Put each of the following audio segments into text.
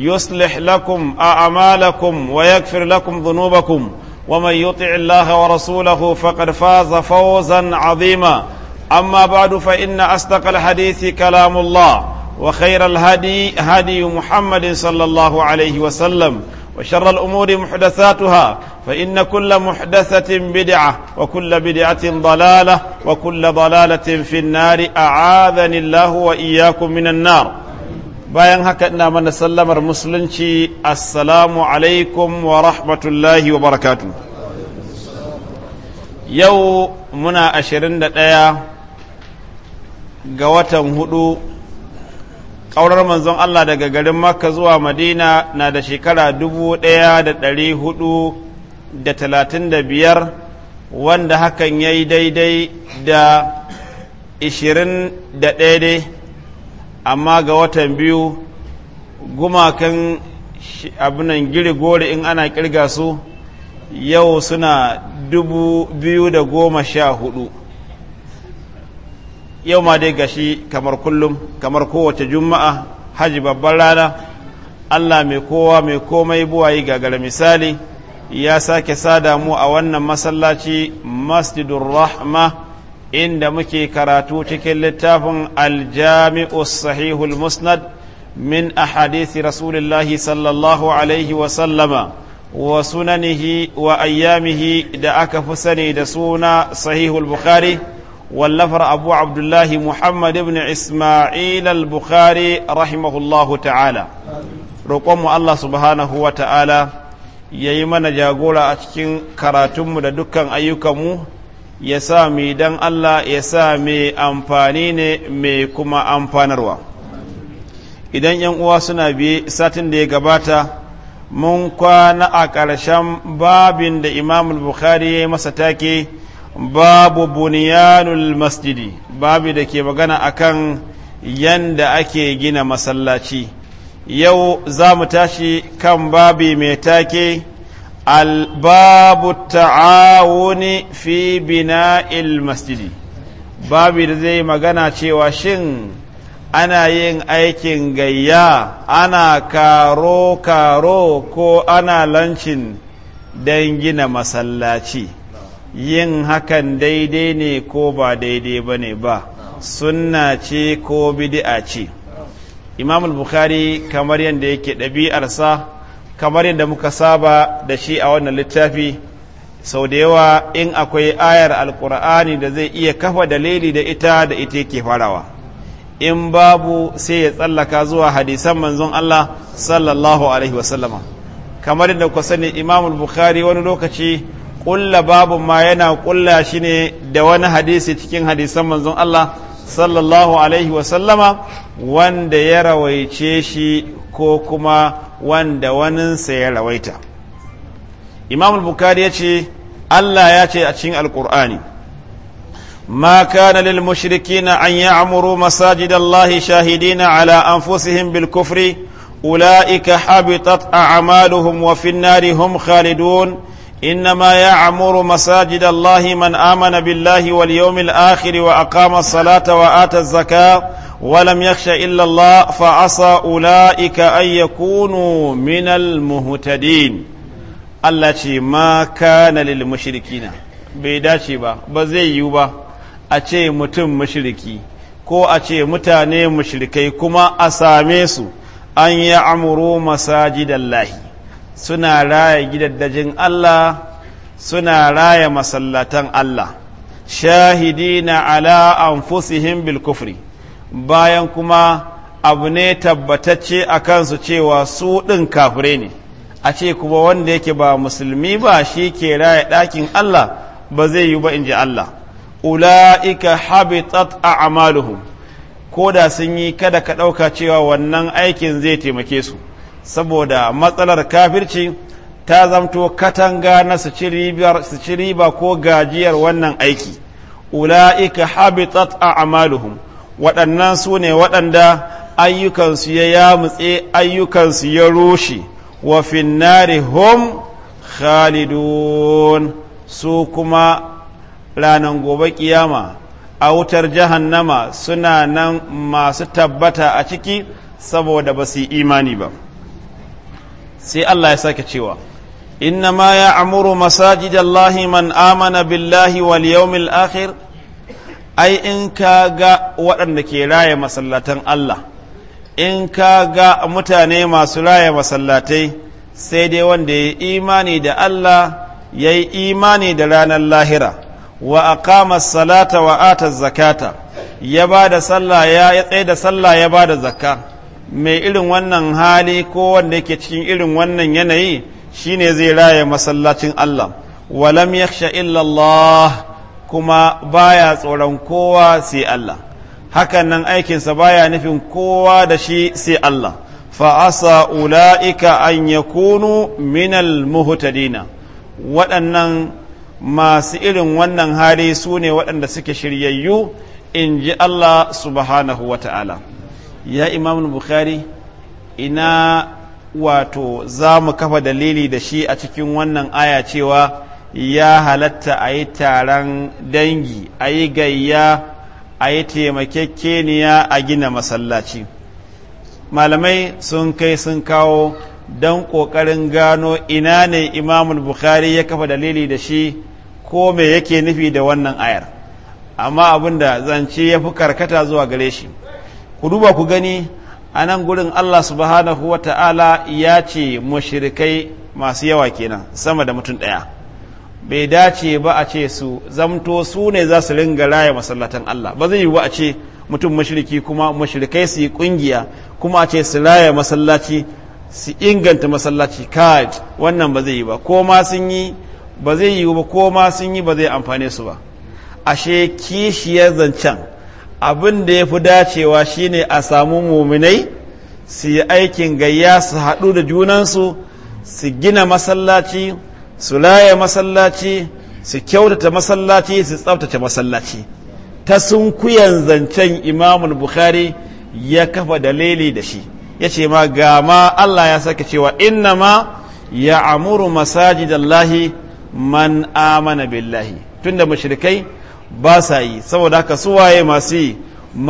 يصلح لكم اعمالكم ويغفر لكم ذنوبكم ومن يطع الله ورسوله فقد فاز فوزا عظيما اما بعد فان اصدق الحديث كلام الله وخير الهدي هدي محمد صلى الله عليه وسلم وشر الامور محدثاتها فان كل محدثه بدعه وكل بدعه ضلاله وكل ضلاله في النار اعاذني الله واياكم من النار bayan haka ina mana sallamar musulunci assalamu alaikum wa rahmatullahi wa barakatu yau muna ashirin da ɗaya ga watan hudu ƙaurar manzon Allah daga garin makka zuwa madina na da shekara dubu ɗaya da ɗari hudu da talatin da biyar wanda hakan ya yi daidai da ishirin da ɗaya dai amma ga watan biyu gumakan abinan giri gori in ana kirga su yau suna dubu biyu da goma sha hudu yau ma dai gashi kamar kullum kamar kowace juma'a hajji babban rana allah mai kowa mai komai buwayi gagara misali ya sake sada mu a wannan masallaci masjidun rahma inda muke karatu cikin littafin aljami'u sahihul musnad min hadithi rasulillahi sallallahu alaihi wa sallama wa sunanihi wa ayyamihi da aka fi sani da suna sahihul bukhari wallafar abu abdullahi muhammad ibn isma'il al-bukhari rahimahullahu ta'ala roƙonmu allah subhanahu wa ta'ala ya yi mana jagora a cikin karatunmu da dukkan ayyukanmu ya sa don dan Allah ya sa mai amfani ne mai kuma amfanarwa idan yan uwa suna biye satin da ya gabata mun kwana a ƙarshen babin da imamul bukhari ya yi masa take babu buniyanul masjidi babu da ke magana akan yanda ake gina masallaci yau za mu tashi kan babi mai take الباب التعاون في بناء المسجد babi da zai magana cewa shin ana yin aikin gayya ana karo-karo ko ana lancin don gina masallaci yin hakan daidai ne ko ba daidai ba ne ba sunna ce ko bid'a ce imam bukhari kamar yadda yake ɗabi'arsa kamar yadda muka saba da shi a wannan littafi sau da yawa in akwai ayar alkur'ani da zai iya kafa dalili da ita da ita ke farawa in babu sai ya tsallaka zuwa hadisan manzon Allah sallallahu alaihi wasallama kamar yadda ku sani imamul bukhari wani lokaci kulla babu ma yana kulla shi ne da wani hadisi cikin hadisan manzon Allah sallallahu alaihi wasallama wanda ya rawaice shi ko kuma wanda waninsa ya rawaita imam bukari ya ce allah ya ce a cikin alkur'ani ما كان للمشركين أن يعمروا مساجد الله شاهدين على أنفسهم بالكفر أولئك حبطت أعمالهم وفي النار هم خالدون إنما يعمر مساجد الله من آمن بالله واليوم الآخر وأقام الصلاة وآتى الزكاة ولم يخش إلا الله فعسى أولئك أن يكونوا من المهتدين التي ما كان للمشركين بيداشي با بزي با أتي متم مشركي ko a ce mutane mushrikai kuma a same su an ya amuru masajidallahi suna raya gidaddajin Allah suna raya masallatan Allah Shahidi na ala an bil kufri bayan kuma abu ne tabbatacce a kansu cewa su ɗin kafire ne a ce kuma wanda yake ba musulmi ba shi ke raya ɗakin Allah ba zai yi ba in ji Allah ula'ika habitat a amaluhu ko da sun yi kada ka ɗauka cewa wannan aikin zai taimake su saboda matsalar kafirci ta zamto katanga na su ci riba ko gajiyar wannan aiki ula'ika habitat a amaluhum waɗannan su ne waɗanda ayyukansu ya yamutse ayyukansu ya rushe wa finnari hum khalidun su kuma ranar gobe kiyama a wutar jahannama suna nan masu tabbata a ciki saboda ba su yi imani ba sai Allah ya sake cewa inna ma ya amuru masajidallahi man amana billahi wal yawmil akhir ai in ka ga waɗanda ke raya masallatan Allah in ka ga mutane masu raya masallatai sai dai wanda ya imani da Allah ya yi imani da ranar lahira wa aqama salata wa ata zakata ya ba da sallah ya bada da sallah ya ba da zakka mai irin wannan hali ko wanda yake cikin irin wannan yanayi shine zai raya masallacin Allah walam yakhsha illa Allah kuma baya tsoron kowa sai Allah hakan nan aikinsa baya nufin kowa da shi sai Allah fa'asa ula'ika an yakunu minal muhtadina waɗannan masu irin wannan hali su ne waɗanda suke shiryayyu in ji Allah subhanahu wa ta'ala. ya imamul bukhari ina wato za mu kafa dalili da shi a cikin wannan aya cewa ya halatta a yi taron dangi a yi gayya a yi taimakekeniya a gina masallaci malamai sun kai sun kawo don ƙoƙarin gano ina ne imamul bukhari ya kafa dalili da shi ko me yake nufi da wannan ayar amma abin da zance ya fi karkata zuwa gare shi ku duba ku gani a nan gurin Allah subhanahu wa ta'ala ya ce mashirikai masu yawa kenan sama da mutum ɗaya bai dace ba a ce su zamto su ne za su ringa raya masallatan Allah ba zai yi ba a ce mutum mashiriki kuma mashirikai su yi ƙungiya kuma a ce su raya masallaci su inganta masallaci kaj wannan ba zai yi ba ko ma sun yi ba zai yi ba ko ma sun yi ba zai amfane su ba ashe kishiyar zancen abin da ya fi dacewa shine a samu muminai su yi aikin gayya su haɗu da junansu su gina masallaci su laye masallaci su kyautata masallaci su tsabtace masallaci ta sun sunkuyan zancen imamul bukhari ya kafa dalili da shi ya ce ma ga ma allah ya saka cewa inna ma ya amuru masajidallahi man amana billahi tunda mushrikai ba sa yi saboda haka su waye yi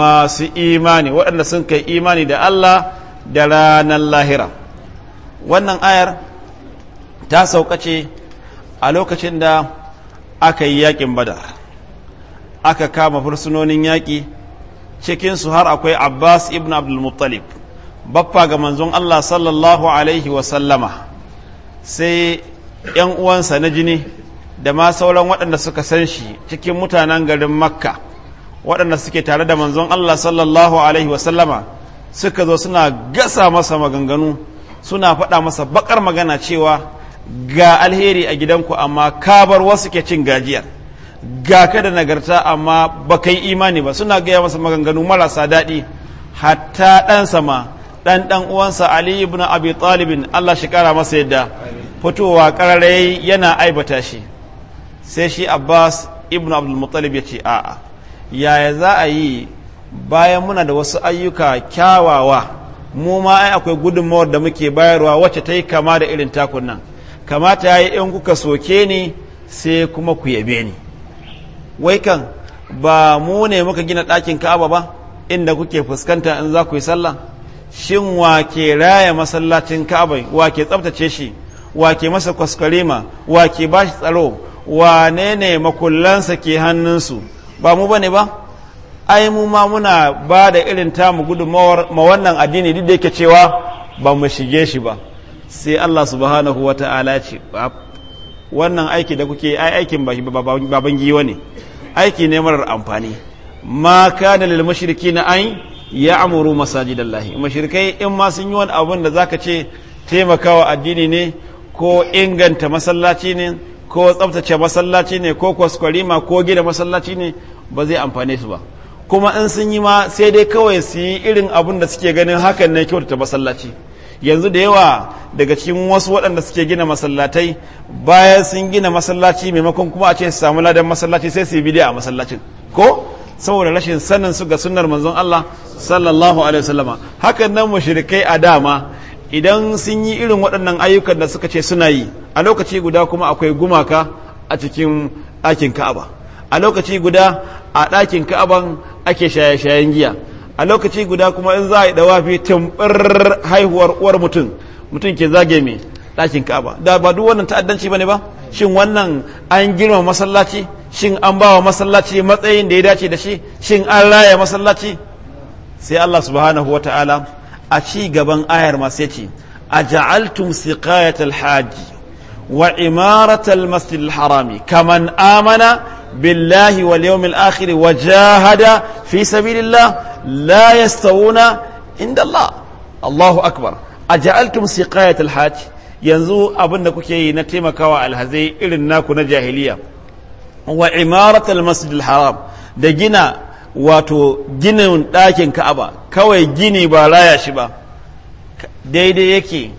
masu imani waɗanda sun kai imani da Allah da ranar lahira wannan ayar ta saukace a lokacin da aka yi yakin badar aka kama fursunonin yaƙi cikinsu har akwai abbas ibn abdulmuttalib baffa ga manzon Allah sallallahu alaihi wasallama sai ‘yan uwansa na jini da ma sauran waɗanda suka san shi cikin mutanen garin makka waɗanda suke tare da manzon Allah sallallahu alaihi wasallama suka zo suna gasa masa maganganu suna faɗa masa bakar magana cewa ga alheri a gidanku amma kabar wasu ke cin gajiyar ga ka da nagarta amma baka yi imani ba suna gaya masa maganganu marasa daɗi hatta ɗansa ma ɗan ɗan uwansa Ali ibn Abi Talibin Allah shi kara masa yadda fitowa ƙararai yana aibata shi sai shi abbas ibn abdulmuttalib ya ce a'a yaya za a yi bayan muna da wasu ayyuka kyawawa mu ma ai akwai gudunmawar da muke bayarwa wacce ta yi kama da irin takun nan kamata ya yi in kuka soke ni sai kuma ku yabe ni wai kan ba mu ne muka gina ɗakin ka'aba ba inda kuke fuskanta in za ku yi sallah shin wa ke raya masallacin ka'aba wa ke tsabtace shi wa ke masa kwaskwarima wa ke ba shi tsaro wane ne makullansa ke hannunsu ba mu bane ba ai mu ma muna ba da irin tamu gudunmawar ma wannan addini duk da yake cewa ba mu shige shi ba sai Allah subhanahu wa ta'ala ce wannan aiki da kuke ai aikin baban giwa ne aiki ne marar amfani ma kana lil na an ya'muru masajidallahi mushrikai in ma sun yi wani abun da zaka ce taimakawa addini ne ko inganta masallaci ne ko tsabtace masallaci ne ko kwaskwarima ko gida masallaci ne ba zai amfane su ba kuma in sun yi ma sai dai kawai su yi irin abin da suke ganin hakan ne kyautata masallaci yanzu da yawa daga cikin wasu waɗanda suke gina masallatai bayan sun gina masallaci maimakon kuma a ce su samu ladan masallaci sai su yi bidiya a masallacin ko saboda rashin sanin su ga sunnar manzon Allah sallallahu alaihi wasallama hakan nan mushrikai a dama idan sun yi irin waɗannan ayyukan da suka ce suna yi a lokaci guda kuma akwai gumaka a cikin ɗakin ka'aba a lokaci guda a ɗakin ka'aban ake shaye-shayen giya a lokaci guda kuma in za a yi fi tumɓar haihuwar uwar mutum mutum ke zage mai ɗakin ka'aba da ba duk wannan ta'addanci ba ne ba shin wannan an girma masallaci shin an ba wa masallaci matsayin da ya dace da shi shin an raya masallaci sai Allah subhanahu wa ta'ala a ci gaban ayar masu yace a ja'altum siqayatal haji wa imaratal masjidil harami kaman amana billahi wal yawmil akhiri wa jahada fi sabilillah la yastawuna inda Allah Allahu akbar a ja'altum siqayatal haji yanzu abin da kuke yi na taimakawa alhazai irin naku na jahiliya wa imaratal masjidil haram da gina wato ginin ɗakin ka'aba kawai gini ba raya shi ba daidai yake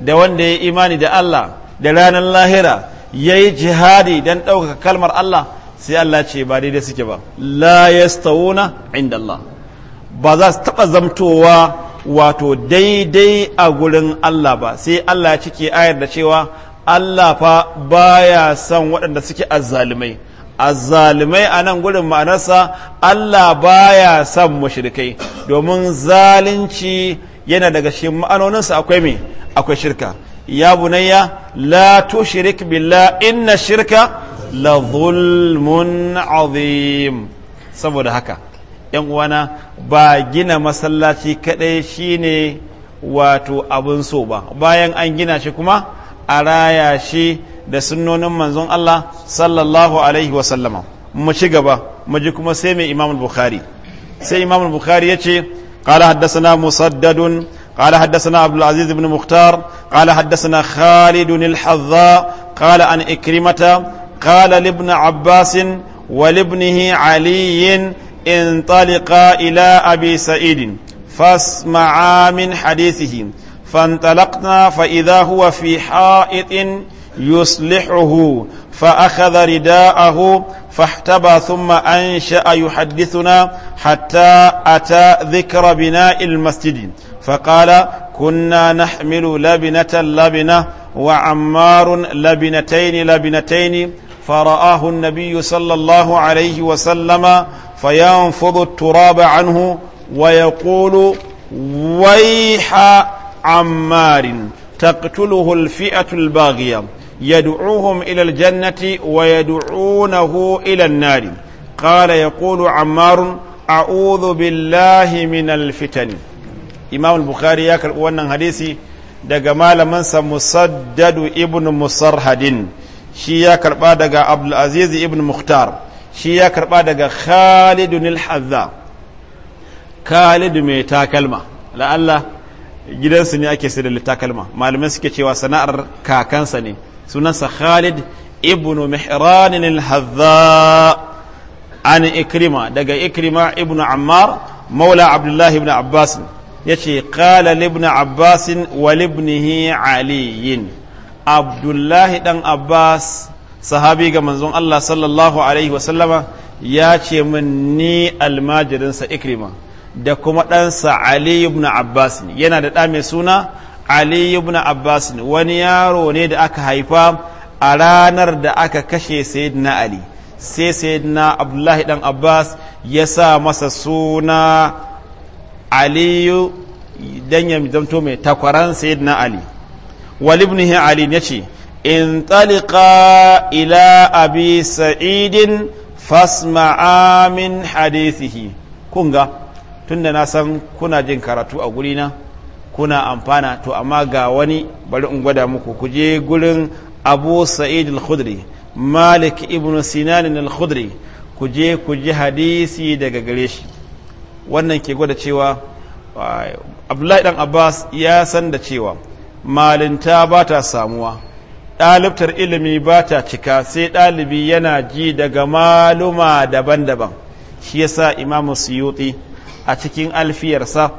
da wanda ya imani da Allah da ranar lahira ya yi jihadi don ɗaukaka kalmar Allah sai Allah ce ba daidai suke ba la yastawuna inda Allah ba za su taɓa zamtowa wato daidai a gurin Allah ba sai Allah ya cike ayar da cewa Allah fa baya son waɗanda suke azzalumai azzalimai a nan gudun ma'anarsa Allah baya son mushrikai domin zalunci yana daga shi ma'anoninsa akwai me akwai shirka ya bunayya la tushrik billah inna shirka la zulmun azim saboda haka yan uwana ba gina masallaci kadai shine wato abin so ba bayan an gina shi kuma a raya shi da sunnonin manzon Allah sallallahu alaihi wasallama mu ci gaba mu kuma sai mai imamul bukhari sai imamul bukhari ya ce qala haddathana musaddadun qala haddathana abdul aziz ibn mukhtar qala haddathana khalid al qala an ikrimata qala ibn abbas wa ibnih ali انطلقا إلى أبي سعيد فاسمعا من حديثهم فانطلقنا فإذا هو في حائط يصلحه فأخذ رداءه فاحتبى ثم أنشأ يحدثنا حتى أتى ذكر بناء المسجد فقال كنا نحمل لبنة لبنة وعمار لبنتين لبنتين فرآه النبي صلى الله عليه وسلم فينفض التراب عنه ويقول ويح عمار تقتله الفئة الباغية يدعوهم إلى الجنة ويدعونه إلى النار قال يقول عمار أعوذ بالله من الفتن إمام البخاري يقول أولا حديثي daga malamansa musaddadu ibn musarhadin shi ya karba daga abdulaziz ibn mukhtar shi ya karba daga khalidun al-hazza khalidu mai takalma la'alla gidansu ne ake sai da littakalma malamai suke cewa sana'ar kakansa ne sunansa khalid ibn mihranin al-hadha an ikrima daga ikrima ibn ammar maula abdullahi ibn abbas yace qala ibn abbas wa ibnihi aliyin abdullahi dan abbas sahabi ga manzon Allah sallallahu alaihi wasallama ya ce min ni almajirinsa ikrima da kuma ɗansa Ali ibn Abbas yana da ɗa mai suna Ali ibn Abbas wani yaro ne da aka haifa a ranar da aka kashe Sayyidina Ali sai Sayyidina Abdullahi dan Abbas ya sa masa suna Aliyu dan ya zamto mai takwaran Sayyidina Ali wal ibnihi Ali ce in talika ila abi sa'idin fasma'a min hadithihi kunga tun da na san kuna jin karatu a gurina kuna amfana to amma ga wani bari in gwada muku ku je gurin abu sa'id al-khudri malik ibn sinan al-khudri ku je ku ji hadisi daga gare shi wannan ke gwada cewa abdullahi dan abbas ya san da cewa malinta ba ta samuwa ɗalibtar ilimi ba ta cika sai ɗalibi yana ji daga maluma daban-daban shi yasa imamu suyuti a cikin alfiyarsa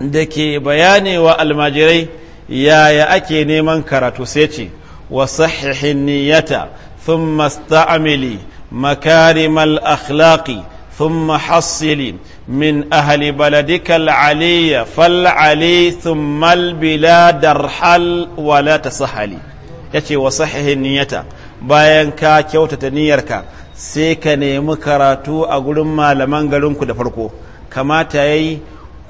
da ke bayani wa almajirai yaya ake neman karatu sai ce wa sahihin niyyata thumma sta'amili makarimal akhlaqi thumma hassili min ahli baladika al'aliyya fal'ali thumma al-bilad arhal wa la tasahali yace wa sahihin niyyata bayan ka kyautata niyyarka sai ka nemi karatu a gurin malaman garinku da farko kamata ya yi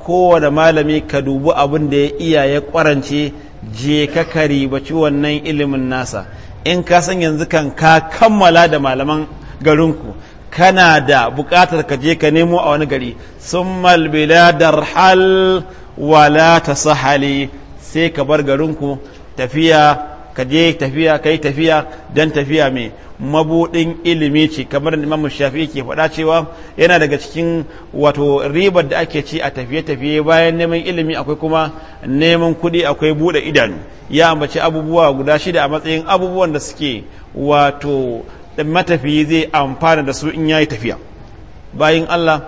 kowane malami ka dubi abin da ya iya ya kwarance je ka ciwon wannan ilimin nasa in ka san yanzu kan ka kammala da malaman garinku kana da bukatar ka je ka nemo a wani gari sun malbila darhal wala ta sahali sai ka bar garinku tafiya ka je tafiya ka yi tafiya don tafiya mai mabuɗin ilimi ce kamar da imamu shafi ke faɗa cewa yana daga cikin wato ribar da ake ci a tafiye-tafiye bayan neman ilimi akwai kuma neman kuɗi akwai buɗe idanu ya ambaci abubuwa guda shida a matsayin abubuwan da suke wato matafiyi zai amfana da su in yayi tafiya bayan Allah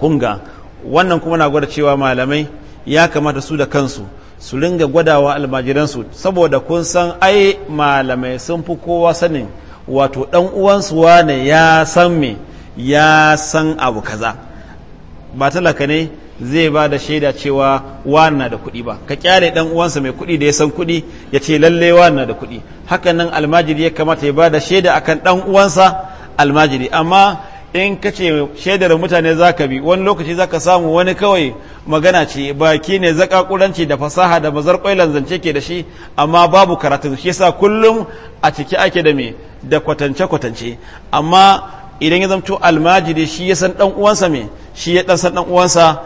kunga wannan kuma na gwada cewa malamai ya kamata su da kansu su ringa gwadawa almajiransu saboda kun san ai malamai sun fi kowa sanin wato dan uwansu wane ya san me ya san abu kaza ba talaka ne zai ba da shaida cewa wana da kuɗi ba ka kyale dan uwansa mai kuɗi da ya san kuɗi ya ce lalle wana da kuɗi haka nan almajiri ya kamata ya ba da shaida akan dan uwansa almajiri amma in ka ce shaidar mutane za ka bi wani lokaci za ka samu wani kawai magana ce baki ne ƙuranci da fasaha da mazar ƙwailan zance ke da shi amma babu karatu shi sa kullum a ciki ake da me da kwatance-kwatance amma idan ya zamto almajiri shi ya san dan uwansa me shi ya dan san dan uwansa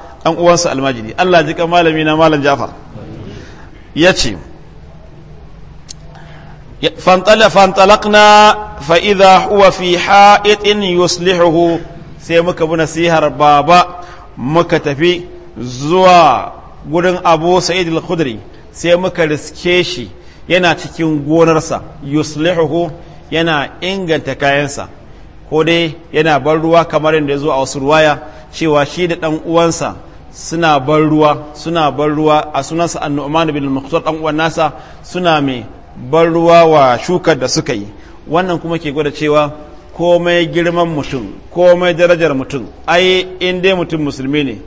almajiri Allah ji ka malami na malam Jafar yace fantala fantalakna fa idha huwa fi ha'itin sai muka bi nasihar baba muka tafi zuwa gurin Abu Sa'id al sai muka riske shi yana cikin gonarsa yuslihu yana inganta kayansa ko dai yana ban ruwa kamar yadda ya zo a wasu ruwaya cewa shi da ɗan uwansa suna ban ruwa suna ban ruwa a sunansa annu'man bin al-muqtar dan uwan nasa suna mai ban ruwa wa shukar da suka yi wannan kuma ke gwada cewa komai girman mutum komai darajar mutum ai in dai mutum musulmi ne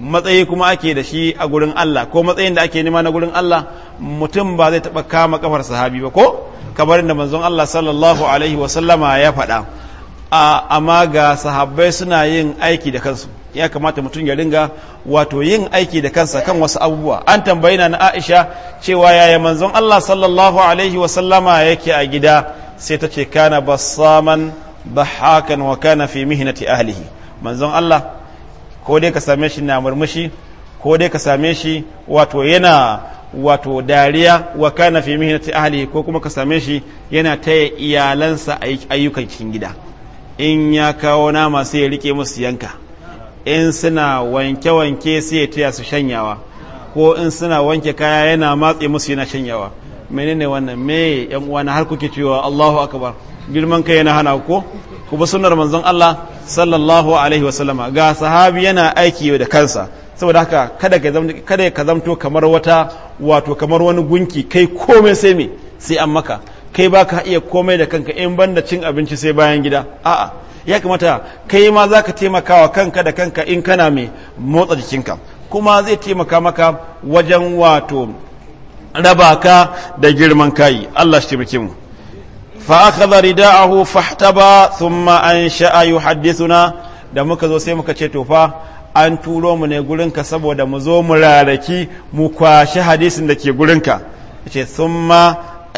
matsayi kuma ake da shi a gurin Allah ko matsayin da ake nema na gurin Allah mutum ba zai taɓa kama kafar sahabi ba ko kamar da manzon Allah sallallahu alaihi wasallama ya faɗa amma ga sahabbai suna yin aiki da kansu ya kamata mutum ya ringa wato yin aiki da kansa kan wasu abubuwa an tambayi na Aisha cewa yaya manzon Allah sallallahu alaihi wa sallama yake a gida sai ta ce kana basaman bahakan wa kana fi mihnati ahlihi manzon Allah ko dai ka same shi na murmushi ko dai ka same shi wato yana wato dariya wa kana fi mihnati ahlihi ko kuma ka same shi yana taya iyalansa ayyukan cikin gida in ya kawo nama sai ya rike musu yanka in suna wanke-wanke sai ya taya su shanyawa ko in suna wanke kaya yana matse musu yana shanyawa menene wannan me yan uwa har kuke cewa Allahu akbar girman kai yana hana ko ku bi sunnar manzon Allah sallallahu alaihi wasallama ga sahabi yana aiki da kansa saboda haka kada ka zamto ka zamto kamar wata wato kamar wani gunki kai komai sai me sai an maka kai ba ka iya komai da kanka in banda cin abinci sai bayan gida a'a ya kamata kai ma za ka taimaka wa kanka da kanka in kana mai motsa jikinka kuma zai taimaka maka wajen wato raba ka da girman kayi Allah shi taimake mu fa akhadha rida'ahu fahtaba thumma ansha'a yuhaddithuna da muka zo sai muka ce to an turo mu ne gurinka saboda mu zo mu rarraki mu kwashi hadisin da ke gurinka ce sun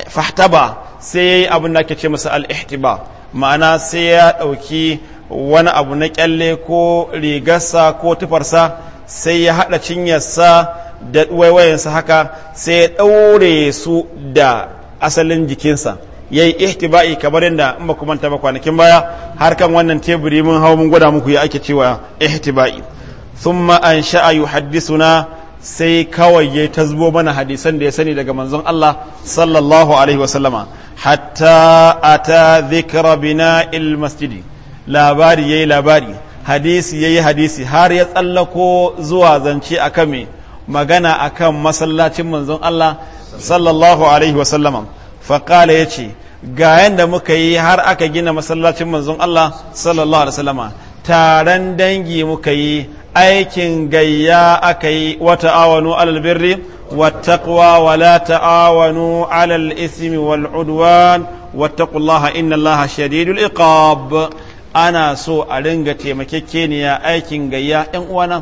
fahtaba sai ya yi abin da ake ce masa al'ihtiba ma'ana sai ya ɗauki wani abu na ƙyalle ko rigarsa ko tufarsa sai ya haɗa cinyarsa da waiwayensa haka sai ya ɗaure su da asalin jikinsa ya yi ihtiba'i kamar yadda in ba kuma ta ba kwanakin baya har kan wannan teburi mun hau mun gwada muku ya ake cewa ihtiba'i thumma an sha'a yuhaddisuna sai kawai ya zubo mana hadisan da ya sani daga manzon Allah sallallahu alaihi wasallama hatta ata dhikra bina'il masjidi labari yayi labari hadisi yayi hadisi har ya tsallako zuwa zance akan me magana akan masallacin manzon Allah sallallahu alaihi wa sallam fa qala yace ga da muka yi har aka gina masallacin manzon Allah sallallahu alaihi wa taron dangi muka yi aikin gayya aka yi wata awanu alal birri wattaqwa wala ta'awanu alal ismi wal udwan wattaqullaha inna allaha shadidul iqab ana so a ringa taimakekeniya aikin gayya ɗan uwana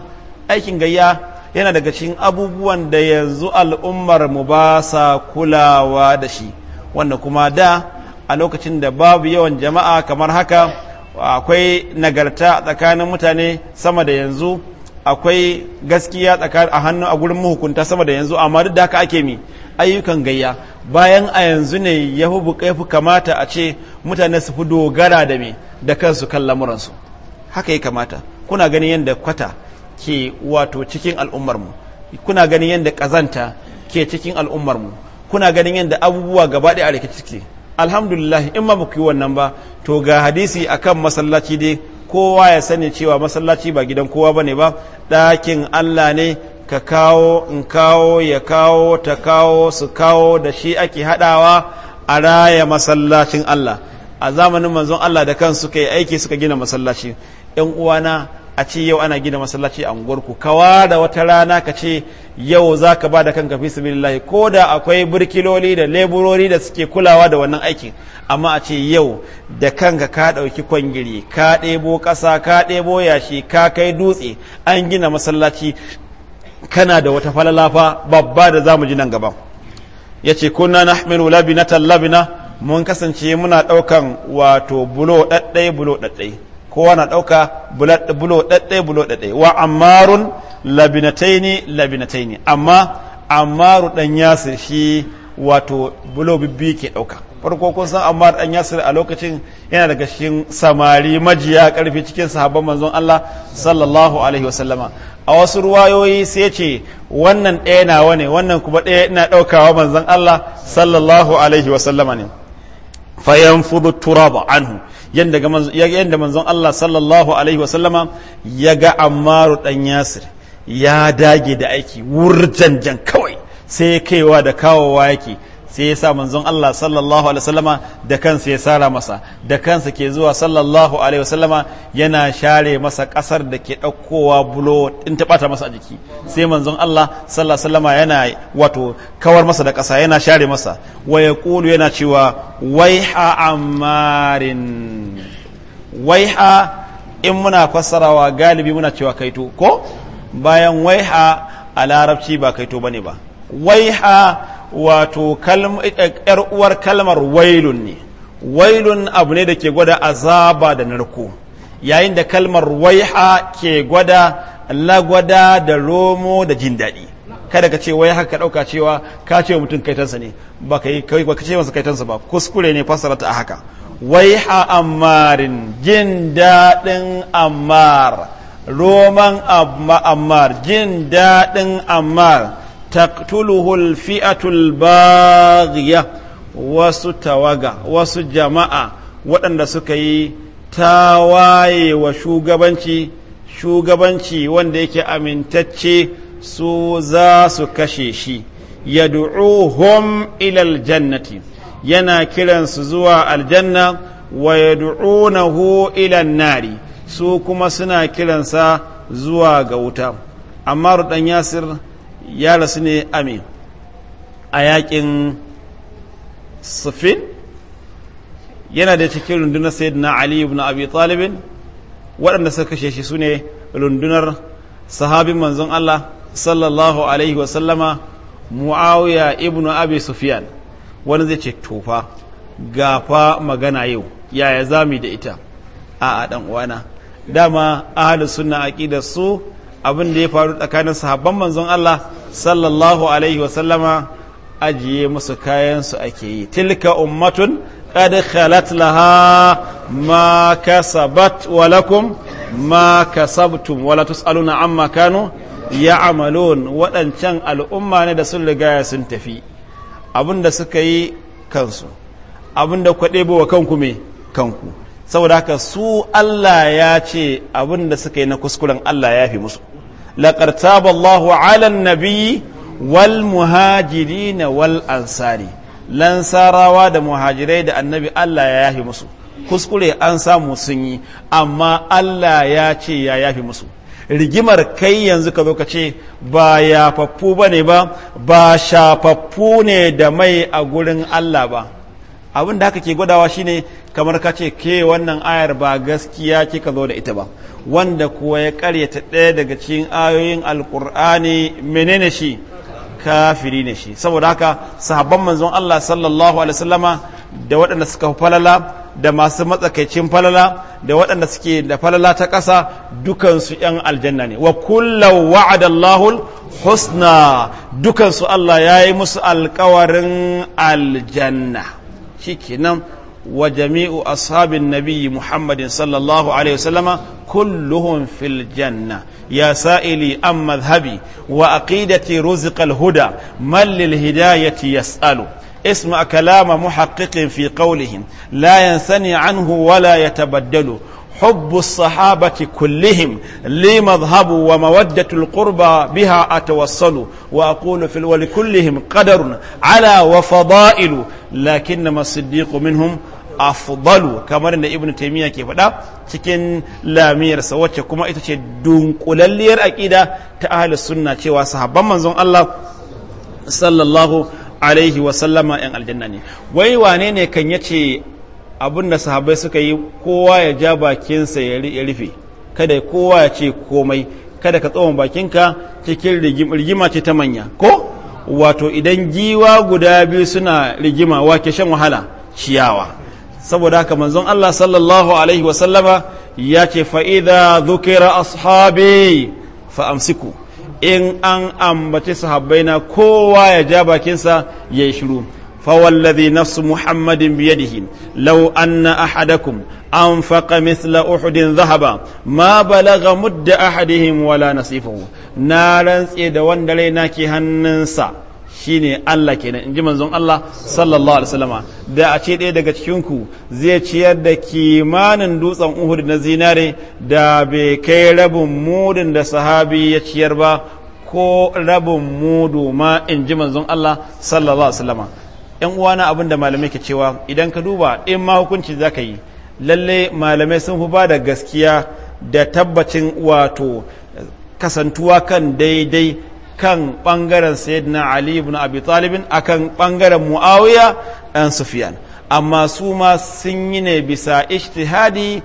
aikin gayya yana daga cikin abubuwan da yanzu al'ummar mu ba sa kulawa da shi wanda kuma da a lokacin da babu yawan jama'a kamar haka akwai nagarta tsakanin mutane sama da yanzu akwai gaskiya a hannu a gurin mahukunta sama da yanzu amma duk da haka ake mi ayyukan gayya bayan a yanzu ne ya fi kamata a ce mutane su fi dogara da me da kansu kan lamuransu haka ya kamata kuna ganin yadda kwata ke wato cikin al'ummarmu kuna ganin yadda ƙazanta ke cikin al'ummarmu kuna ganin yadda abubuwa gaba ɗaya a rikici alhamdulillah in ma ku yi wannan ba to ga hadisi akan masallaci dai kowa ya sani cewa masallaci ba gidan kowa bane ba ɗakin Allah ne ka kawo in kawo ya kawo ta kawo su kawo da shi ake haɗawa a raya masallacin Allah a zamanin manzon Allah da kansu suka yi aiki suka gina masallaci ‘yan uwana a ce yau ana gina masallaci a unguwarku kawa da wata rana ka ce yau za ka ba da kanka fi sabilillahi ko da akwai burkiloli da leburori da suke kulawa da wannan aikin amma a ce yau da kanka ka ɗauki kwangiri ka ɗebo ƙasa ka ɗebo yashi ka kai dutse an gina masallaci kana da wata falalafa babba da za mu ji nan gaba ya ce kunna na labinatan labina mun kasance muna ɗaukan wato bulo ɗaɗɗai bulo ɗaɗɗai kowa na ɗauka bulo ɗaɗɗe bulo ɗaɗɗe wa ammarun labinataini labinataini amma ammaru ɗan yasir shi wato bulo bibbi ke ɗauka farko kun san ammaru ɗan yasir a lokacin yana daga cikin samari majiya ƙarfi cikin sahabban manzon Allah sallallahu alaihi wasallama a wasu ruwayoyi sai ce wannan ɗaya na wane wannan kuma ɗaya ina ɗaukawa manzon Allah sallallahu alaihi wasallama ne fayanfudu turaba anhu yadda yanda manzon Allah sallallahu alaihi wasallama ya ga Ammaru ɗan Yasir ya dage da aiki wurjanjan kawai sai kaiwa da kawowa yake sai ya sa manzon Allah sallallahu alaihi wasallama da kansa ya sara masa da kansa ke zuwa sallallahu alaihi wasallama yana share masa kasar da ke daukowa bulo in ta bata masa a jiki sai manzon Allah sallallahu alaihi wasallama yana wato kawar masa da kasa yana share masa wa yaqulu yana cewa waiha ammarin waiha in muna fassarawa galibi muna cewa kaito ko bayan waiha a larabci ba kaito bane ba waiha wato yar eh, er uwar kalmar wailun ne wailun abu ne da ke gwada azaba da narko yayin da kalmar waiha ke gwada lagwada da romo da jin daɗi kada ka ce waiha ka ɗauka cewa ka ce mutum kaitansa ne ba ka ce masa kaitansa ba kuskure ne fassara ta haka waiha ammarin jin daɗin ammar roman ammar jin daɗin ammar تقتله الفئة الباغية وستوغا وسجماعة وأن سكي tawaye wa shugabanci shugabanci wanda yake amintacce su zasu kashe shi ya du'uhum ilal jannati yana kiransu zuwa aljanna wa ya du'unahu ilal nari su kuma suna kiransa zuwa ga wuta amma rudan yasir ya rasu ne ame a yakin sufin yana da cikin rundunar sayyidina ali ibn abi talibin waɗanda suka kashe shi su ne rundunar sahabin manzon Allah sallallahu alaihi wasallama mu'awiya ibn abi sufiyan wani zai ce tofa gafa magana yau yaya zami da ita a a dan uwana dama ahlus sunna aqidar su abin da ya faru tsakanin sahabban manzon Allah sallallahu alaihi sallama ajiye musu kayan su ake yi tilka ummatun qad khalat laha ma kasabat wa lakum ma kasabtum wa la tusaluna amma kanu ya'malun wadancan al'umma ne da sun riga sun tafi abin da suka yi kansu abin da ku ɗebo wa kanku me kanku saboda haka su Allah ya ce abin da suka yi na kuskuren Allah ya fi musu laqad taba Allahu 'ala an-nabi wal muhajirin wal ansari lansarawa da muhajirai da annabi Allah ya yafi musu kuskure an samu sun amma Allah ya ce ya yafi musu rigimar kai yanzu kazo zo ka ce ba yafaffu ba ba ba shafaffu ne da mai a gurin Allah ba abin da haka ke gwadawa shine kamar ka ce ke wannan ayar ba gaskiya kika zo da ita ba wanda kuwa ya karyata ɗaya daga cikin ayoyin alkur'ani menene shi kafiri ne shi saboda haka sahabban manzon Allah sallallahu alaihi wasallama da waɗanda suka falala da masu matsakaicin falala da waɗanda suke da falala ta ƙasa dukansu ‘yan aljanna ne wa kullum wa'adallahul husna dukansu Allah ya yi musu alkawarin aljanna shi kenan wa jami'u ashabin nabi muhammadin sallallahu alaihi wasallama كلهم في الجنة يا سائلي أم مذهبي وأقيدتي رزق الهدى من للهداية يسأل اسمع كلام محقق في قولهم لا ينثني عنه ولا يتبدل حب الصحابة كلهم لي مذهب ومودة القربى بها أتوصل وأقول في ولكلهم قدر على وفضائل لكنما الصديق منهم afdalu kamar da ibnu taymiya ke faɗa cikin lamiyarsa wacce kuma ita ce dunkulalliyar aqida ta ahli sunna cewa sahabban manzon Allah sallallahu alaihi wa sallama yan aljanna ne wai wane ne kan yace abin da sahabbai suka yi kowa ya ja bakinsa ya rufe kada kowa ya ce komai kada ka tsawon bakinka cikin rigima ce ta manya ko wato idan giwa guda biyu suna rigima wake shan wahala ciyawa saboda haka manzon Allah sallallahu alaihi wasallama ya ce fa’ida zukira ashabi fa fa’amsiku in an ambace sahabbai na kowa ya ja bakinsa ya yi shiru fawallazi nafsu muhammadin biyadihi law anna ahadakum an faqa mithla uhudin zahaba ma balaga mudda ahadihim wala nasifu na rantse da wanda rai na ke hannunsa shine Allah kenan inji manzon Allah sallallahu alaihi wasallama da a ce ɗaya daga cikin ku zai ciyar da kimanin dutsen Uhud na zinare da bai kai rabin mudun da sahabi ya ciyar ba ko rabin mudu ma ji manzon Allah sallallahu alaihi wasallama yan uwana abin da malamai ke cewa idan ka duba in ma hukunci zaka yi lalle malamai sun fi ba da gaskiya da tabbacin wato kasantuwa kan daidai kan ɓangaren sayyidina ali ibn abi talibin akan ɓangaren muawiya ɗan sufiyan amma su ma sun yi ne bisa ishtihadi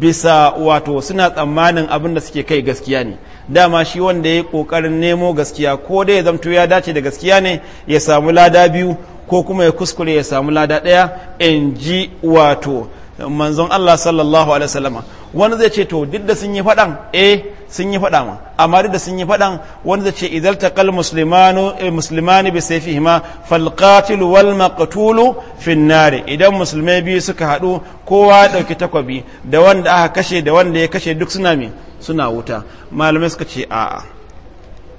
bisa wato suna tsammanin abin da suke kai gaskiya ne dama shi wanda ya yi ƙoƙarin nemo gaskiya ko dai ya zamto ya dace da gaskiya ne ya samu lada biyu ko kuma ya kuskure ya samu lada ɗaya in ji wato manzon Allah sallallahu alaihi wasallama wani zai ce to duk da sun yi faɗan eh sun yi faɗa ma amma duk da sun yi faɗan wanda ce idal taqal muslimanu eh, muslimani bi sayfihima fal qatil wal maqtul fi nar idan musulmai biyu suka haɗu kowa ya dauki takwabi da wanda aka kashe da wanda ya kashe duk suna me suna wuta malamai suka ce a'a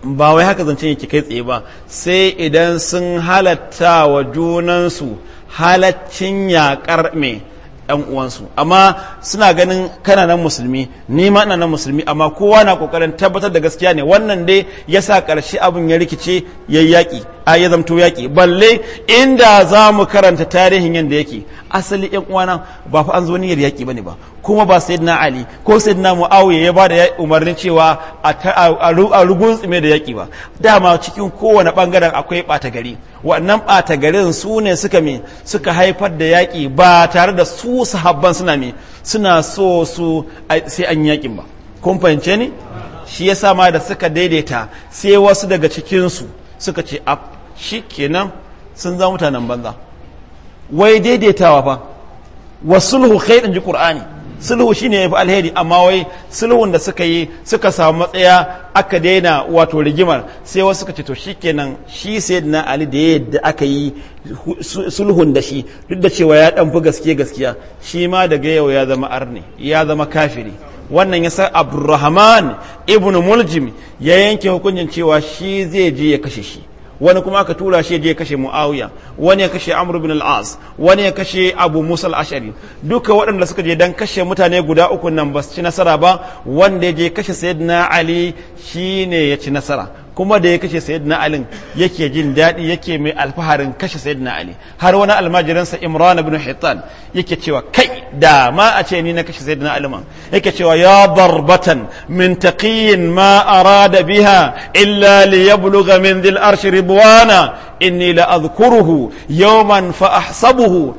ba wai haka zance yake kai tsaye ba sai idan sun halatta wa junansu halaccin yaƙar me. 'yan uwansu amma suna ganin kana nan musulmi ni ma ina nan musulmi amma kowa na kokarin tabbatar da gaskiya ne wannan dai ya sa ƙarshe abin ya rikice ya yaƙi a ya zamto yaƙi balle inda za mu karanta tarihin yadda yake asali 'yan uwana ba fa an zo niyyar yaƙi bane ba kuma ba sayyidina ali ko sayyidina muawiya ya ba bada umarnin cewa a rugun tsime da yaki ba dama cikin kowane bangaren akwai bata gari wannan bata garin su ne suka mi suka haifar da yaki ba tare da su sahabban suna mi suna so su sai an yakin ba kun fahimce ni shi ya ma da suka daidaita sai wasu daga cikinsu suka ce a shi kenan sun zama mutanen banza wai daidaitawa fa wasulhu luhu, in ji qur'ani sulhu shine fi alheri amma wai sulhun da suka yi suka samu matsaya aka daina wato rigimar sai wasu suka ce to shikenan shi sayyidina ali da yadda aka yi sulhun da shi duk da cewa ya dan fi gaskiya gaskiya shi ma daga yau ya zama arne ya zama kafiri wannan ya sa abdurrahman ibnu muljim ya yanke hukuncin cewa shi zai je ya kashe shi wani kuma aka tura shi je kashe muawiya wani ya kashe amr bin al-as wani ya kashe abu Musal al-ashari duka waɗanda suka je dan kashe mutane guda uku nan ba su ci nasara ba wanda ya je kashe sayyidina ali shi ne ya ci nasara kuma da ya kashe sayyidina ali yake jin daɗi yake mai alfaharin kashe sayyidina ali har wani almajiransa imran ibn hitan yake cewa kai da ma a ce ni na kashe sayyidina ali man yake cewa ya barbatan min taqiyin ma arada biha illa li yablugha min dhil arshi inni la adhkuruhu yawman fa ahsabuhu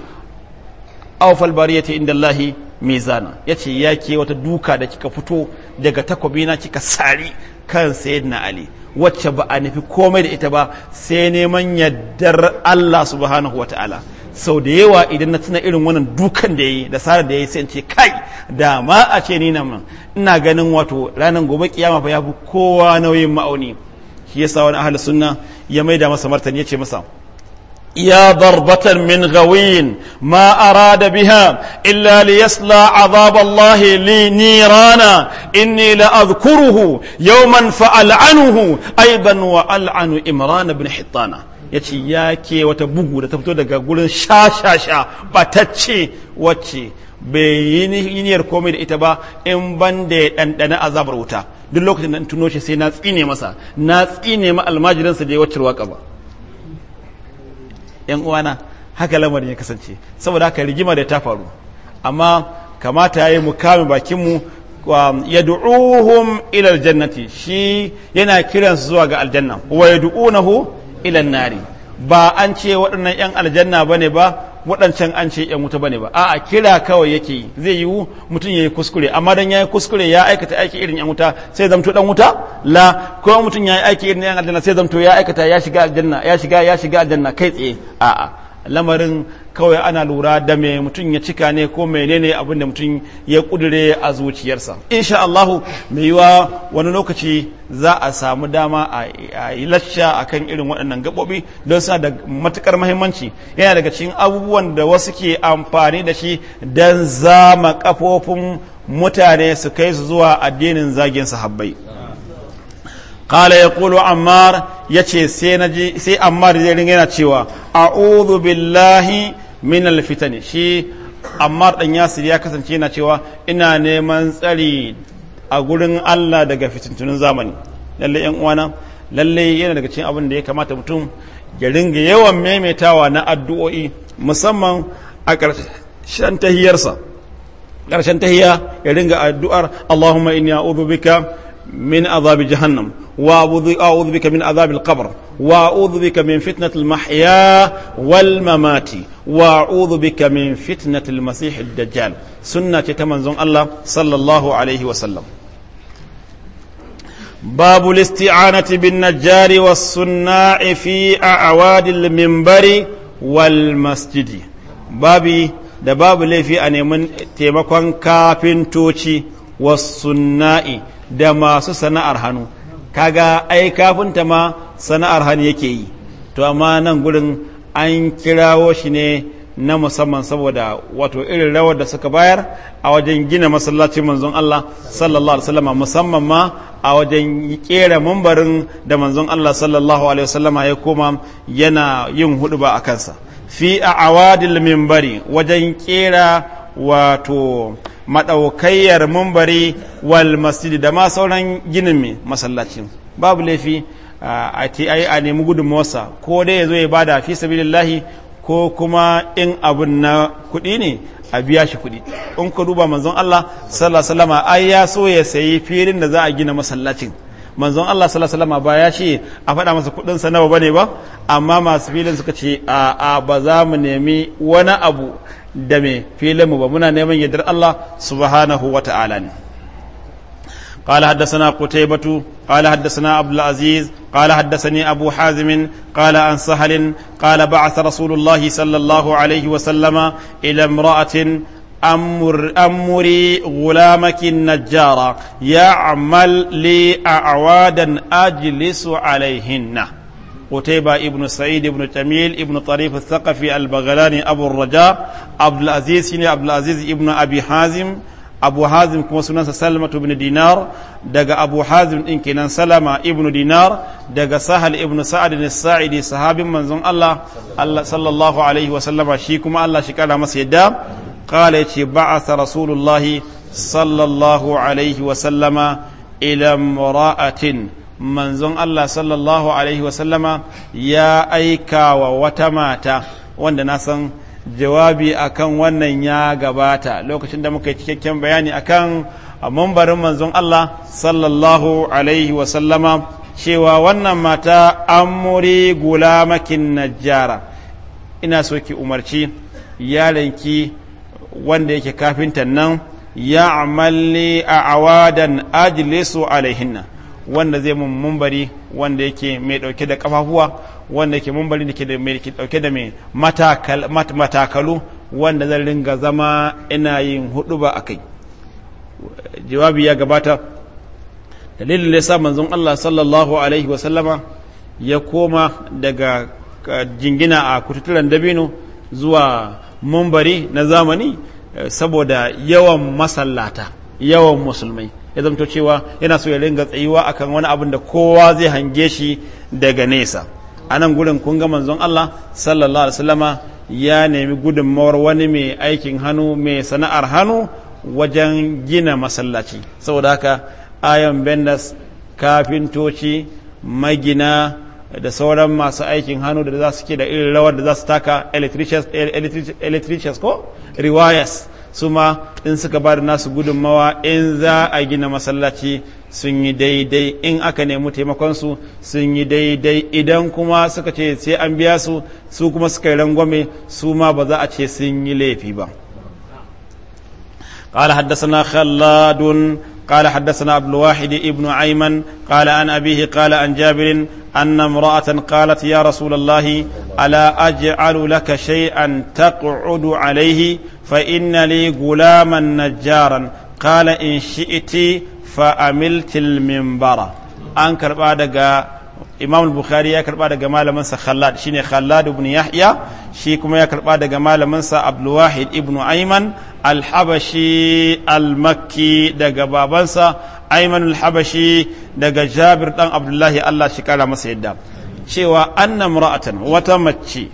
aw fal bariyati inda allahi mizana yace yake wata duka da kika fito daga takwabina kika sari kan sayyidina ali wacce ba a nufi komai da ita ba sai neman yaddar Allah subhanahu wata'ala sau da yawa idan na tuna irin wannan dukan da yi da sarar da yi sai ce kai da ma a ce ni nan ina ganin wato ranar gobe kiyama fa yafi kowa nauyin ma'auni shi yasa wani ahlus sunna ya maida masa martani ya ce masa يا ضربة من غوين ما أراد بها إلا ليصلى عذاب الله لي نيرانا إني لأذكره يوما فألعنه أيضا وألعن إمران بن حطانة ya ce ya ke wata bugu da ta fito daga gurin sha-sha-sha batacce wacce bai yi niyyar komai da ita ba in ban da ya ɗanɗana azabar wuta duk lokacin da shi sai na tsine masa na tsine ma almajiransa da ya wacce waka ba yan uwana haka lamarin ya kasance saboda haka rigima da ta faru amma kamata yayi mukami bakinmu bakin mu um, yad'uhum ila aljannati shi yana kiransu zuwa ga aljanna wa yad'unahu ila nari ba an ce waɗannan yan aljanna bane ba waɗancan an ce ‘yan wuta ba ne ba a'a kira kawai yake zai yiwu mutum ya yi kuskure amma don ya yi kuskure ya aikata aiki irin ‘yan wuta sai zamto ɗan wuta la kuma mutum ya yi aiki irin ‘yan aljanna sai zamto ya aikata ya shiga aljanna ya shiga ya shiga aljanna kai tsaye a'a lamarin kawai ana lura da me mutum ya cika ne ko menene abin da mutum ya kudure a zuciyarsa insha Allahu mai yiwa wani lokaci za a samu dama a yi lacca akan irin waɗannan gaɓoɓi don suna da matukar mahimmanci yana daga cikin abubuwan da wasu ke amfani da shi don zama kafofin mutane su kai su zuwa addinin zagin sahabbai قال يقول عمار يتي سي عمار زي رنجنا تشيوا اعوذ بالله min ne shi ammar dan yasir ya kasance yana cewa ina neman tsari a gurin Allah daga fitintunin zamani lalle yan uwana lalle yana daga cikin abin da ya kamata mutum ya ringa yawan maimaitawa na addu'o'i musamman a ƙarshen tahiyarsa ƙarshen tahiya ya ringa addu'ar Allahumma inni a'udhu bika من عذاب جهنم وأعوذ بك من عذاب القبر وأعوذ بك من فتنة المحيا والممات وأعوذ بك من فتنة المسيح الدجال سنة تمنزون الله صلى الله عليه وسلم باب الاستعانة بالنجار والصناع في أعواد المنبر والمسجد بابي da babu laifi a neman taimakon kafintoci wasu na'i da masu sana'ar hannu kaga ai kafinta ma sana'ar hannu yake yi to amma nan gurin an kirawo shi ne na musamman saboda wato irin rawar da suka bayar a wajen gina masallacin manzon Allah sallallahu alaihi wasallam musamman ma a wajen kera mambarin da manzon Allah sallallahu alaihi wasallam ya koma yana yin huduba a kansa fi a awadil wajen kera wato maɗaukayyar mumbari wal masjidi da ma sauran ginin mai masallacin babu laifi a ai a nemi gudunmawarsa ko dai ya zo ya bada fi sabilillahi ko kuma in abun na kuɗi ne a biya shi kuɗi in ka duba manzon Allah sallallahu alaihi wasallam ai ya so ya sayi filin da za a gina masallacin manzon Allah sallallahu alaihi ba ya ce a faɗa masa kuɗin sa nawa bane ba amma masu filin suka ce a'a a ba za mu nemi wani abu da me filinmu ba muna neman yardar Allah subhanahu wa ta'ala ne قال حدثنا قتيبة قال حدثنا عبد العزيز قال حدثني أبو حازم قال عن سهل قال بعث رسول الله صلى الله عليه وسلم إلى امرأة أمر أمري غلامك النجار يعمل لي أعوادا أجلس عليهن قتيبة ابن سعيد ابن تميل ابن طريف الثقفي البغلاني أبو الرجاء عبد العزيز سيني عبد العزيز ابن أبي حازم أبو حازم كما سنة سلمة بن دينار دقى أبو حازم إن كان سلمة ابن دينار دقى سهل ابن سعد الساعدي صحابي من زن الله الله صلى الله عليه وسلم شيكما الله شكالا مسيدا قال بعث رسول الله صلى الله عليه وسلم إلى امرأة manzon Allah sallallahu alaihi wasallama ya aika wa wata mata wanda na san jawabi akan wannan ya gabata lokacin da muka yi cikakken bayani akan mambarin manzon Allah sallallahu alaihi wasallama cewa wannan mata an muri gulamakin najjara ina so ki umarci yaranki wanda yake kafintan nan ya amalli a awadan ajilisu alaihinna wanda zai mun mumbari wanda yake mai dauke da kafafuwa wanda yake mumbari da ke dauke da mai matakalu wanda zan ringa zama ina yin hudu ba a kai jawabi ya gabata dalilin da ya sa manzon Allah sallallahu alaihi wasallama ya koma daga jingina a kututturen dabino zuwa mumbari na zamani eh, saboda yawan masallata yawan musulmai ya zamto cewa yana so ya ringa tsayuwa akan wani abin da kowa zai hange shi daga nesa a nan gurin kun ga manzon Allah sallallahu alaihi wasallama ya nemi gudunmawar wani mai aikin hannu mai sana'ar hannu wajen gina masallaci saboda haka ayon bendas kafintoci magina da sauran masu aikin hannu da za su ke da irin rawar da za su taka electricians ko riwayas su ma in suka ba da nasu gudunmawa in za a gina masallaci sun yi daidai in aka nemi taimakonsu sun yi daidai idan kuma suka ce sai an biya su su kuma suka yi rangwame su ma ba za a ce sun yi laifi ba قال حدثنا خلاد قال حدثنا عبد الواحد ابن عيمن قال عن أبيه قال عن جابر أن امرأة قالت يا رسول الله ألا أجعل لك شيئا تقعد عليه فإن لي غلاما نجارا قال إن شئت فأملت المنبر أنكر بعدك imam bukhari ya karba daga malamansa khallad shine khallad ibn yahya shi kuma ya karba daga malamansa abdulwahid ibn ayman al-habashi al-makki daga babansa ayman al-habashi daga jabir dan abdullahi allah shi kara masa yadda cewa anna mar'atan wata mace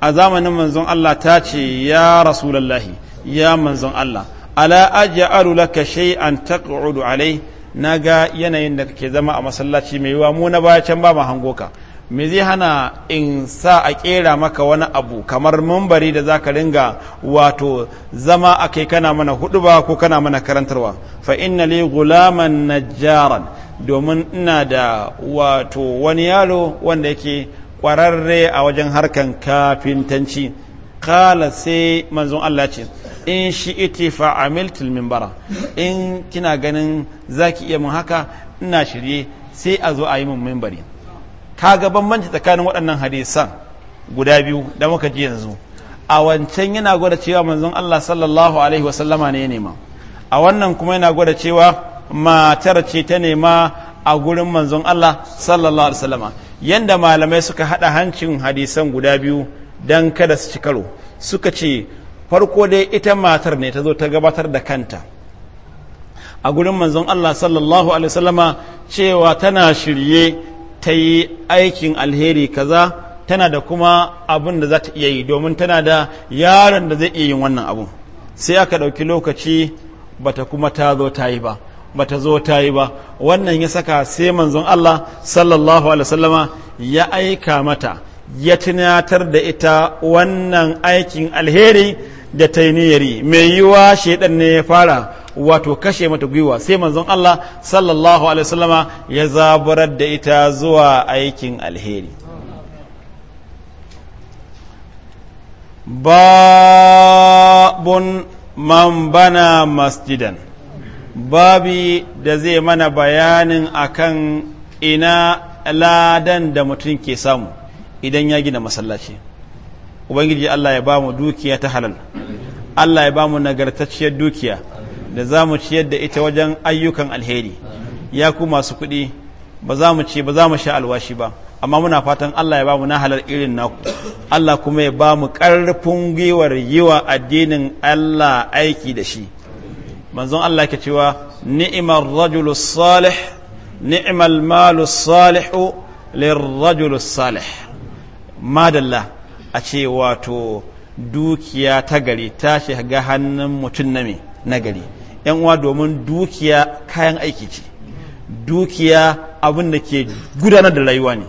a zamanin manzon allah ta ce ya rasulullahi ya manzon allah ala aj'alu laka shay'an taq'udu alayhi na ga yanayin da ke zama a masallaci mai yiwa mu na baya can ba mu hango ka me zai hana in sa a kera maka wani abu kamar mambari da za ka ringa wato zama a kai kana mana huduba ko kana mana karantarwa fa inna li gulaman najjaran domin ina da wato wani yaro wanda yake kwararre a wajen harkan kafintanci kala sai manzon Allah ce in shi iti min bara in kina ganin zaki iya mun haka ina shirye sai a zo a yi mun mimbari kaga bambanci tsakanin waɗannan hadisan guda biyu da muka ji yanzu a wancan yana gwada cewa manzon Allah sallallahu alaihi wa sallama ne ya nema a wannan kuma yana gwada cewa matar ce ta nema a gurin manzon Allah sallallahu alaihi wa sallama yanda malamai suka hada hancin hadisan guda biyu don kada su ci karo suka ce farko dai ita matar ne ta zo ta gabatar da kanta a gurin manzon Allah sallallahu alaihi wasallama cewa tana shirye ta yi aikin alheri kaza tana da kuma abin da za ta iya yi domin tana da yaron da zai iya yin wannan abu. sai aka ɗauki lokaci bata kuma ta zo ta yi ba bata zo ta yi ba wannan ya saka sai manzon Allah sallallahu alaihi wasallama ya aika mata ya tunatar da ita wannan aikin alheri da ta yi mai yiwa shaidan ne ya fara wato kashe mata gwiwa sai manzon Allah sallallahu alaihi wasallama ya zaburar da ita zuwa aikin alheri babun man bana masjidan babi da zai mana bayanin akan ina ladan da mutum ke samu idan ya gina masallaci ubangiji Allah ya ba mu dukiya ta halal Allah ya ba mu nagartacciyar dukiya da za mu ciyar da ita wajen ayyukan alheri ya ku masu kuɗi ba za mu ci ba za mu sha alwashi ba amma muna fatan Allah ya ba mu na halal irin naku Allah kuma ya ba mu ƙarfin gwiwar yiwa addinin Allah aiki da shi manzon Allah ke cewa ni'imar rajulu salih ni'mal malu salihu lirrajulu salih madalla a ce wato dukiya ta gari ta shiga hannun mutum na me na gari yan uwa domin dukiya kayan aiki ce dukiya abin da ke gudanar da rayuwa ne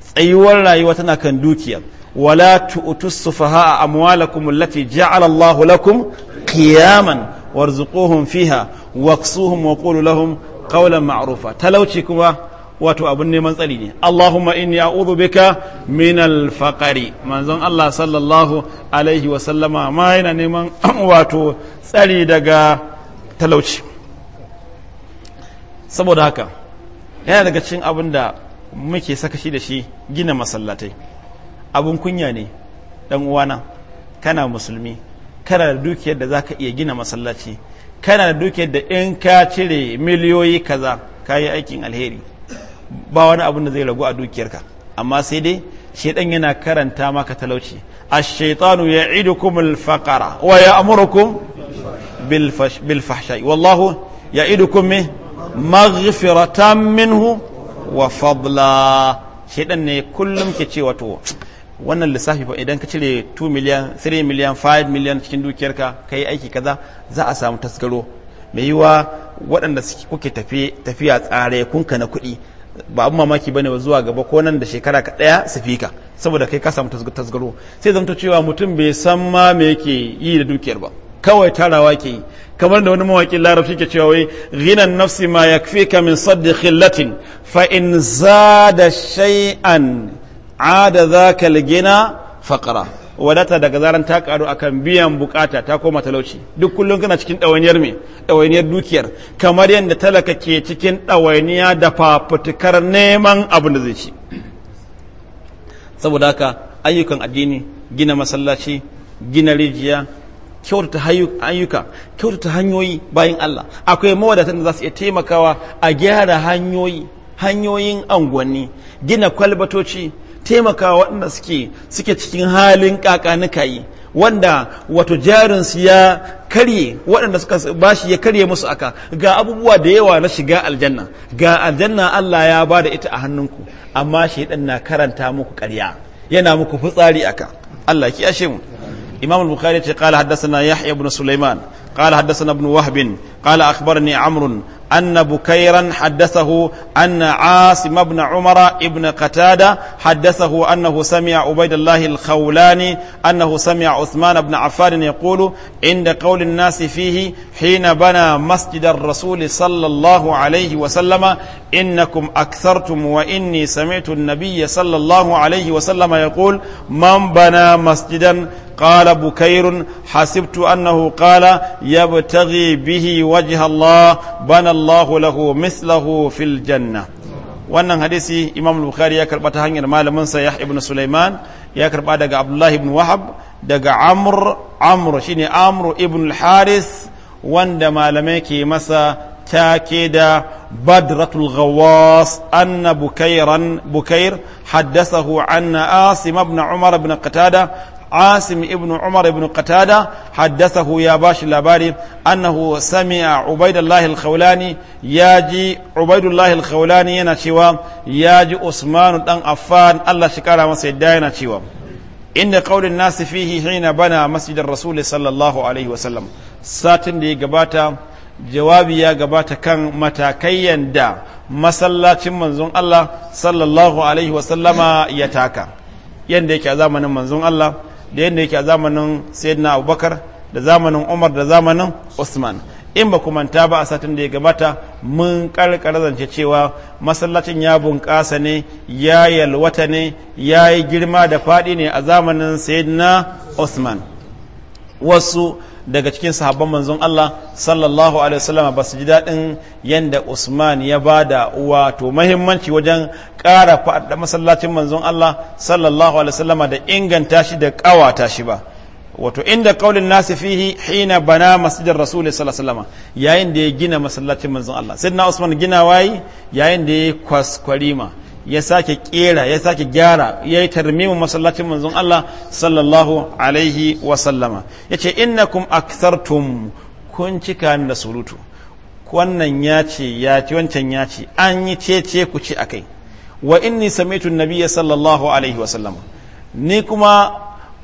tsayuwar rayuwa tana kan dukiya wala tu'tu sufaha amwalakum allati ja'ala Allahu lakum qiyaman warzuquhum fiha waqsuhum wa qulu lahum qawlan talauci kuma wato abin neman tsari ne Allahumma inni a'udhu bika min al-faqri manzon Allah sallallahu alaihi wa sallama ma yana neman wato tsari daga talauci saboda haka yana daga cikin abin da muke sakashi da shi gina masallatai abin kunya ne dan uwana kana musulmi kana da dukiyar da zaka iya gina masallaci kana da dukiyar da in ka cire miliyoyi kaza kayi aikin alheri ba wani abin da zai ragu a dukiyarka amma sai dai shaidan yana karanta maka talauci ash-shaytanu ya'idukum al-faqara wa ya'murukum bil fahsha'i wallahu ya'idukum min maghfiratan minhu wa fadla shaidan ne kullum ke cewa wato wannan lissafi fa idan ka cire 2 miliyan 3 miliyan 5 miliyan cikin dukiyarka kai aiki kaza za a samu taskaro mai yiwa waɗanda kuke tafiya tsare kunka na kuɗi ba abin mamaki bane ba zuwa gaba ko nan da shekara ka daya su fika saboda kai ka samu tasgaro sai zamto cewa mutum bai san ma me yake yi da dukiyar ba kawai tarawa ke yi kamar da wani mawaki larabci ke cewa wai ghinan nafsi ma yakfika min saddi khillatin fa in zada shay'an ada zaka gina faqra wadata daga zaran ta karu akan biyan bukata ta koma talauci duk kullum kana cikin ɗawainiyar me ɗawainiyar dukiyar kamar yadda talaka ke cikin ɗawainiya da fafutukar neman abin da zai ci saboda haka ayyukan addini gina masallaci gina rijiya kyautata ayyuka kyautata hanyoyi bayan Allah akwai mawadatan da za su iya taimakawa a gyara hanyoyi hanyoyin angwanni gina kwalbatoci taimaka waɗanda suke suke cikin halin kakanikayi wanda wato jarinsu ya karye waɗanda suka bashi ya karye musu aka ga abubuwa da yawa na shiga aljanna ga aljanna Allah ya ba da ita a hannunku amma shaidan na karanta muku ƙarya yana muku fitsari aka Allah ki ashe mu Imam al-Bukhari ce qala haddathana Yahya ibn Sulaiman qala haddathana ibn Wahb qala akhbarani Amr أن بكيرا حدثه أن عاصم بن عمر ابن قتادة حدثه أنه سمع عبيد الله الخولاني أنه سمع عثمان بن عفان يقول عند قول الناس فيه حين بنى مسجد الرسول صلى الله عليه وسلم إنكم أكثرتم وإني سمعت النبي صلى الله عليه وسلم يقول من بنى مسجدا قال بكير حسبت أنه قال يبتغي به وجه الله بنى الله له مثله في الجنة wannan hadisi imam bukhari ya karba ta hanyar malamin sa yahya ibn sulaiman ya karba daga abdullah ibn wahab daga amr amr shine amr ibn al-haris wanda malamai ke masa take da badratul ghawas anna bukairan bukair haddathahu anna asim ibn umar ibn qatada عاصم ابن عمر بن قتادة حدثه يا باش اللاباري أنه سمع عبيد الله الخولاني ياجي عبيد الله الخولاني ينشيوا ياجي عثمان بن عفان الله شكرا وسيدا ينشيوا إن قول الناس فيه حين بنى مسجد الرسول صلى الله عليه وسلم ساتن دي قباتا jawabi ya gabata kan matakai yanda masallacin manzon Allah sallallahu Alaihi wasallama ya taka yanda yake a zamanin manzon Allah da yadda yake a zamanin sayyidina abubakar da zamanin umar da zamanin usman in ba manta ba a satin da ya gabata mun karkara zance cewa masallacin ya bunƙasa ne ya yalwata ne ya yi girma da faɗi ne a zamanin sayyidina usman wasu daga cikin sahabban manzon Allah sallallahu alaihi wasallam ba su ji daɗin yanda Usman ya ba da wato mahimmanci wajen ƙara faɗa masallacin manzon Allah sallallahu alaihi wasallam da inganta shi da ƙawata shi ba wato inda kaulin nasi fihi hina bana masjidar rasul sallallahu alaihi wasallam yayin da ya gina masallacin manzon Allah sayyidina Usman gina wayi yayin da ya kwaskwarima ya sake kera ya sake gyara ya yi tarmimin masallacin manzon Allah sallallahu alaihi wa sallama ya ce innakum akthartum kun cika da surutu wannan ya ce ya ce wancan ya ce an yi cece ku ce akai wa inni samitu nabiyya sallallahu alaihi wa sallama ni kuma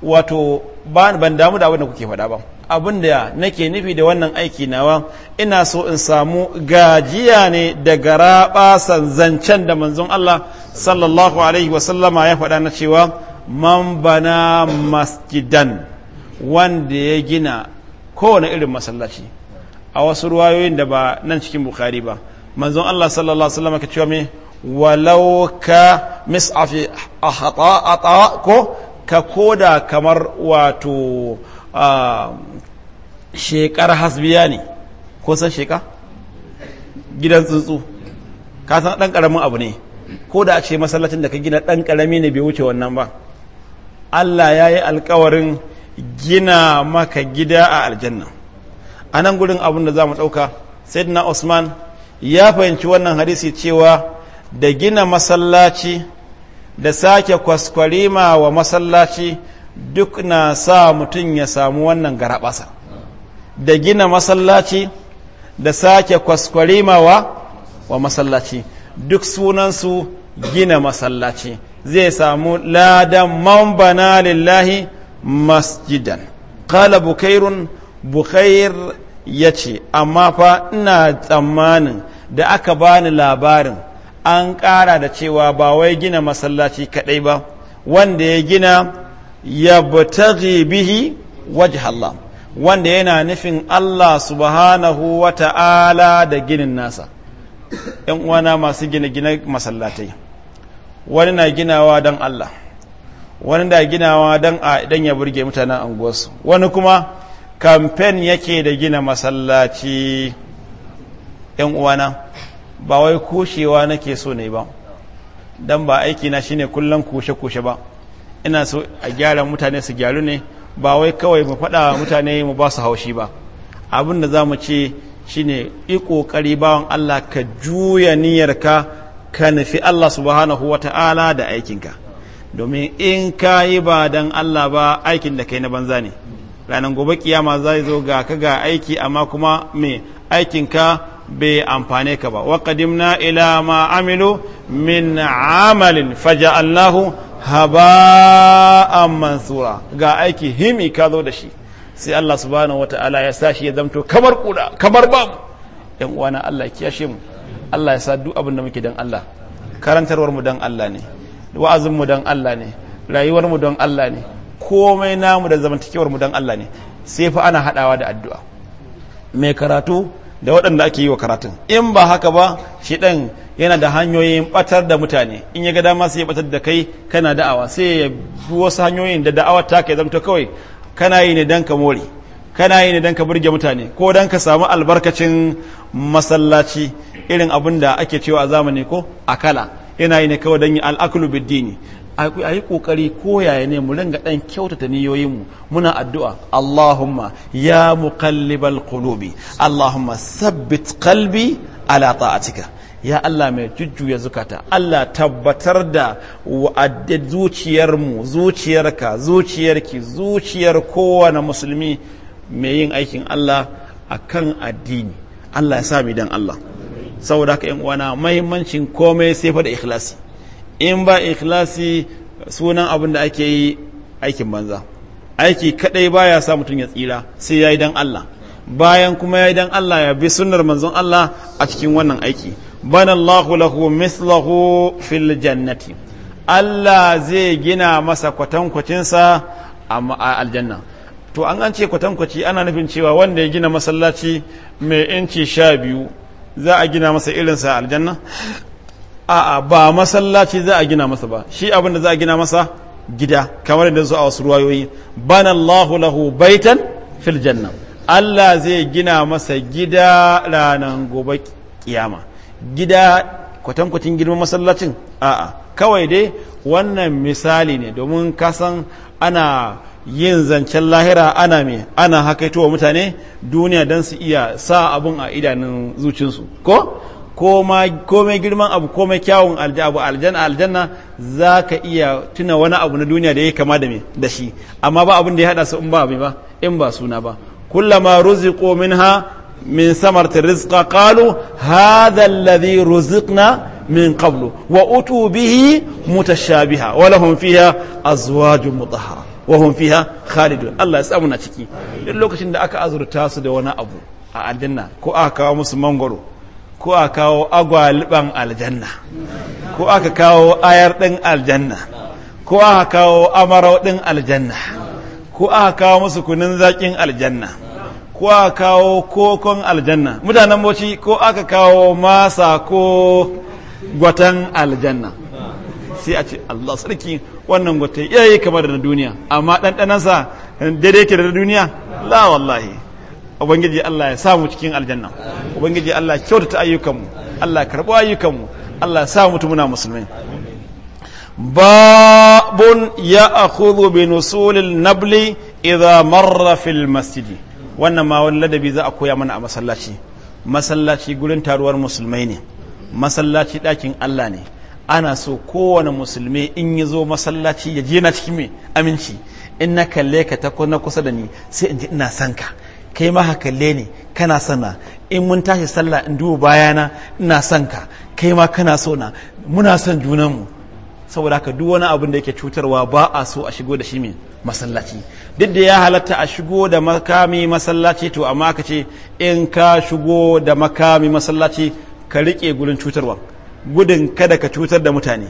wato ban damu da abin da kuke faɗa ba abin da nake nufi da wannan aiki nawa ina so in samu gajiya ne daga rabasan zancen da manzon Allah sallallahu alaihi wasallama ya faɗa na cewa man bana masjidan wanda ya gina kowane irin masallaci a wasu ruwayoyin da ba nan cikin bukari ba manzon Allah sallallahu alaihi wasallama ka cewa me walau ka mis'afi a ko ka koda kamar wato Ah, shekar hasbiya ne ko san sheka gidan tsuntsu ka san ɗan ƙaramin abu ne ko da a ce masallacin da ka gina ɗan karami ne bai wuce wannan ba Allah ya yi alkawarin gina maka gida a aljanna a nan gudun abin da za mu ɗauka na usman ya fahimci wannan hadisi cewa da gina masallaci da sake kwaskwarima wa masallaci duk na sa mutum ya samu wannan garaɓasa da gina masallaci da sake kwaskwarimawa wa masallaci duk sunansu gina masallaci zai samu ladan mambana lillahi masjidan kala bukairun bukair ya ce amma fa ina tsammanin da aka bani labarin an ƙara da cewa ba wai gina masallaci kaɗai ba wanda ya gina yabtaghi bihi wajha Allah wanda yana nufin Allah subhanahu wa ta'ala da ginin nasa ‘yan uwana masu gine-gine masallatai wani na ginawa don Allah wani na ginawa don a ya burge mutanen anguwarsu wani kuma kamfen yake da gina masallaci ‘yan uwana ba wai kushewa nake so ne ba don ba aiki na shine kullum kushe-kushe ba ina so a gyara mutane su gyaru ne ba wai kawai mu faɗa mutane mu ba su haushi ba abin da za mu ce shine yi ƙoƙari bawan Allah ka juya niyyarka ka nufi Allah subhanahu wa ta'ala da aikinka domin in ka yi ba don Allah ba aikin da kai na banza ne ranar gobe kiyama za zo ga ka ga aiki amma kuma me aikinka bai amfane ka ba wa ila ma amilu min amalin faja Allahu haba'an mansura ga aiki himi ka zo da shi sai Allah subhanahu wata'ala ya sa shi ya zamto kamar kuda kamar babu yan uwana Allah ya kiyashe mu Allah ya sa duk abin da muke dan Allah karantarwar mu dan Allah ne wa'azin mu dan Allah ne rayuwar mu dan Allah ne komai namu da zamantakewar mu dan Allah ne sai fa ana hadawa da addu'a mai karatu da waɗanda ake yi wa karatun in ba haka ba shi ɗan yana da hanyoyin ɓatar da mutane in ya ga dama sai ya ɓatar da kai kana da'awa sai ya bi wasu hanyoyin da da'awa ta kai zamto kawai kana yi ne don ka more kana yi ne don ka burge mutane ko don ka samu albarkacin masallaci irin abin da ake cewa a zamani ko akala yana yi ne kawai don yi al'akulu biddini a yi kokari koyaye ne mu ringa ɗan kyautata niyoyinmu muna addu'a Allahumma ya muqallibal qulubi Allahumma sabbit qalbi ala ta'atika ya Allah mai jujjuya zukata Allah tabbatar da wa'adda zuciyarmu zuciyarka zuciyarki zuciyar kowane musulmi mai yin aikin Allah akan addini Allah ya sami dan Allah saboda haka yan uwana mahimmancin komai sai fa da ikhlasi in ba ikhlasi sunan abin da ake yi aikin banza aiki kadai ya sa mutum ya tsira sai ya yi dan Allah bayan kuma ya yi dan Allah ya bi sunnar manzon Allah a cikin wannan aiki banallahu lahu mislahu fil jannati Allah zai gina masa kwatankwacinsa a aljanna to an an ce kwatankwaci ana nufin cewa wanda ya gina masallaci mai inci sha biyu za a gina masa irinsa a aljanna a'a ba masallaci za a gina masa ba shi abin da za a gina masa gida kamar da a wasu ruwayoyi bana Allahu lahu baitan fil janna Allah zai gina masa gida ranan gobe kiyama gida kwatankwacin girman masallacin a'a kawai dai wannan misali ne domin kasan ana yin zancen lahira ana me ana hakaitowa mutane duniya don su iya sa abun a idanun zucinsu ko komai girman abu komai kyawun abu aljanna za ka iya tuna wani abu na duniya da ya kama da shi amma ba abin da ya hada su in ba mai ba in ba suna ba kullama min ha, min samarti rizqa kalu hadha alladhi ruziqna min qablu wa utu bihi mutashabiha wa lahum fiha azwajun mutahhara wa hun fiya, khalidu. Allah ya samu na ciki duk lokacin da aka azurta su da wani abu a aljanna ko aka kawo musu mangoro ko a kawo agwaliban aljanna ko aka kawo ayar ɗin aljanna ko aka kawo amarau ɗin aljanna ko aka kawo musu kunin zakin aljanna ko aka kawo kokon aljanna mutanen boci ko aka kawo masa ko gwatan aljanna sai a ce Allah sarki wannan gwata yayi kamar da duniya amma ɗanɗanansa daidai ke da duniya la wallahi ubangiji Allah ya samu cikin aljanna ubangiji Allah kyautata ayyukanmu Allah karɓi ayyukanmu Allah ya samu muna musulmai babun ya akhudhu bi nusulil nabli idza marra fil masjid wannan ma wani ladabi za a koya mana a masallaci masallaci gurin taruwar musulmai ne masallaci ɗakin Allah ne ana so kowane musulmi in ya zo masallaci ya je na cikin mai aminci in na kalle ka ta na kusa da ni sai in ji ina sanka ka kai ma kalle ne kana sana in mun tashi sallah in duba bayana ina son ka kai ma kana so na muna son junanmu saboda haka duk wani abin da yake cutarwa ba a so a shigo da shi mai masallaci duk da ya halatta a shigo da makami masallaci to amma ka ce in ka shigo da makami masallaci ka riƙe gurin cutarwa gudun kada ka cutar da mutane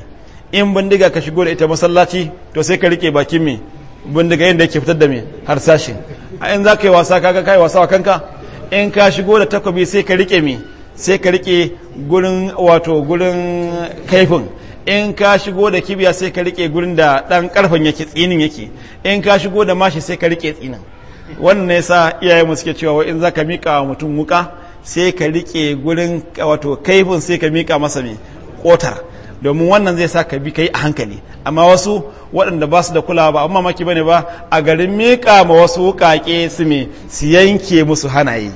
in bindiga ka shigo da ita masallaci to sai ka riƙe bakin mai bindiga yadda yake fitar da mai harsashin a in za ka yi wasa kaga ka yi wasa wa kanka in ka shigo da takobi sai ka rike mi sai ka rike gurin wato gurin kaifin in ka shigo da kibiya sai ka rike gurin da dan karfin yake tsinin yake in ka shigo da mashi sai ka rike tsinin wannan ne sa iyayen mu suke cewa in za ka mika wa mutum wuka sai ka rike gurin wato kaifin sai ka mika masa mai kotar domin wannan zai sa ka bi kai a hankali amma wasu waɗanda ba su da kulawa ba amma maki bane ba a garin miƙa ma wasu wuƙaƙe su me su yanke musu hanaye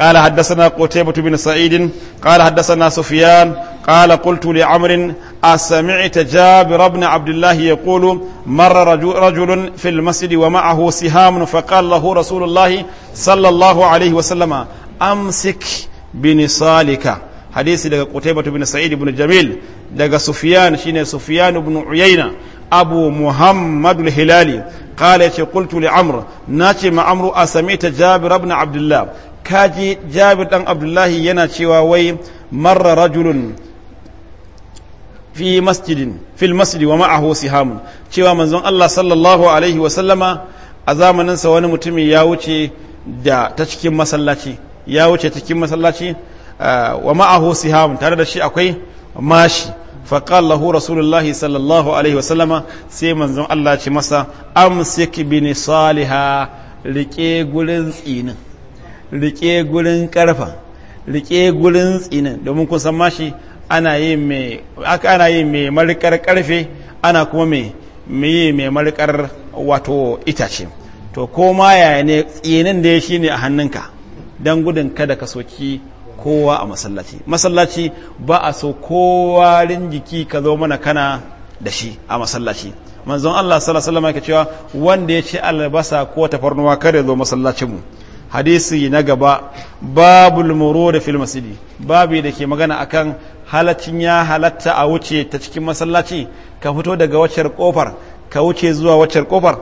قال حدثنا قتيبة بن سعيد قال حدثنا سفيان قال قلت لعمر أسمعت جابر بن عبد الله يقول مر رجل في المسجد ومعه سهام فقال له رسول الله صلى الله عليه وسلم أمسك بنصالك hadisi daga Qutaybah bin Sa'id ibn Jamil daga Sufyan shine Sufyan ibn Uyayna Abu Muhammad al-Hilali qala yace qultu li Amr nace ma Amru asamita Jabir ibn Abdullah kaji Jabir dan Abdullahi yana cewa wai marra rajulun fi masjidin fil masjid wa ma'ahu sihamun cewa manzon Allah sallallahu alaihi wa sallama a zamaninsa wani mutumi ya wuce da ta cikin masallaci ya wuce cikin masallaci wa ma'ahu sihamun tare da shi akwai mashi faƙal lahu rasulullahi sallallahu alaihi wasallama sai manzon Allah ce masa amsik bin saliha rike gurin tsinin rike gurin karfa rike gurin tsinin domin kun san mashi ana yi mai ana yi mai marikar karfe ana kuma mai mai mai marikar wato itace to ko ma yaya ne tsinin da ya ne a hannunka dan gudun kada ka soki kowa a masallaci masallaci ba a so kowa jiki ka zo mana kana da shi a masallaci manzon Allah sallallahu alaihi wasallam cewa wanda ya ci albasa ko tafarnuwa kada zo masallacin mu hadisi na gaba babul murud fil masjid babu da ke magana akan halacin ya halatta a wuce ta cikin masallaci ka fito daga wacce kofar ka wuce zuwa wacce kofar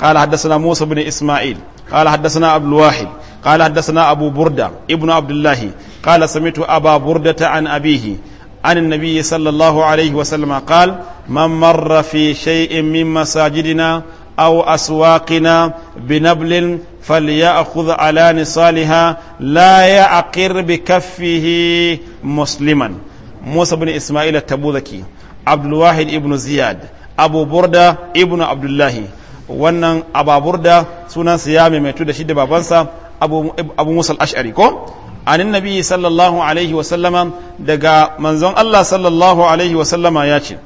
قال حدثنا موسى بن إسماعيل قال حدثنا عبد الواحد قال حدثنا أبو بردة ابن عبد الله قال سمعت أبا بردة عن أبيه عن النبي صلى الله عليه وسلم قال من مر في شيء من مساجدنا أو أسواقنا بنبل فليأخذ على نصالها لا يعقر بكفه مسلما موسى بن إسماعيل التبوذكي عبد الواحد ابن زياد أبو بردة ابن عبد الله wannan ababurda sunansa ya maimaitu da shi da babansa abu musa ashari ko anin nabi sallallahu alaihi sallama daga manzon Allah sallallahu alaihi sallama ya ce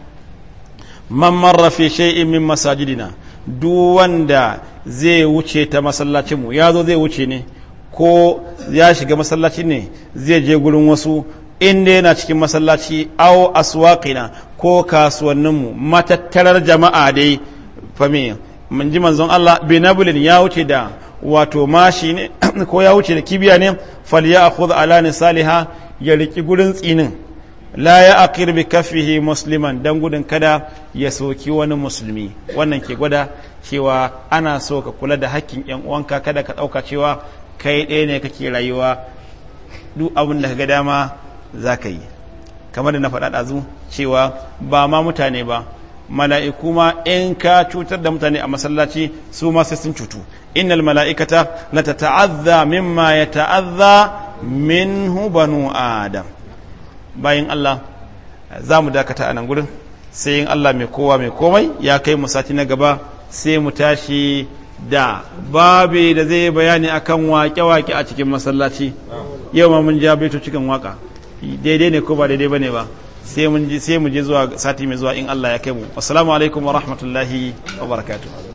man marra fi shay'in min masajidina duk wanda zai wuce ta masallacin mu ya zo zai wuce ne ko ya shiga masallaci ne zai je gurin wasu inda yana cikin masallaci au aswaqina ko kasuwannin mu matattarar jama'a dai fami manzon Allah binabulin ya wuce da wato mashi ne ko ya wuce da kibiya ne falya a kudu ala saliha ya riki gurin tsinin la ya aqir bi kafihi musliman dan gudun kada ya soki wani musulmi wannan ke gwada cewa ana so ka kula da hakkin yan uwanka kada ka dauka cewa kai ɗaya ne kake rayuwa duk abin da ga dama za ka yi kamar da na faɗa ɗazu cewa ba ma mutane ba mala'iku ma in ka cutar da mutane a masallaci su ma sai sun cutu innal mala'ikata la tata'azza mimma yata'azza min banu adam bayan Allah za mu dakata a nan gurin sai yin Allah mai kowa mai komai ya kai mu sati na gaba sai mu tashi da babi da zai bayani akan wake-wake a cikin masallaci yau ma mun ja cikin waka daidai ne ko ba daidai ba ne ba sai mu je zuwa sati mai zuwa in Allah ya kai mu assalamu alaikum wa rahmatullahi wa barakatuh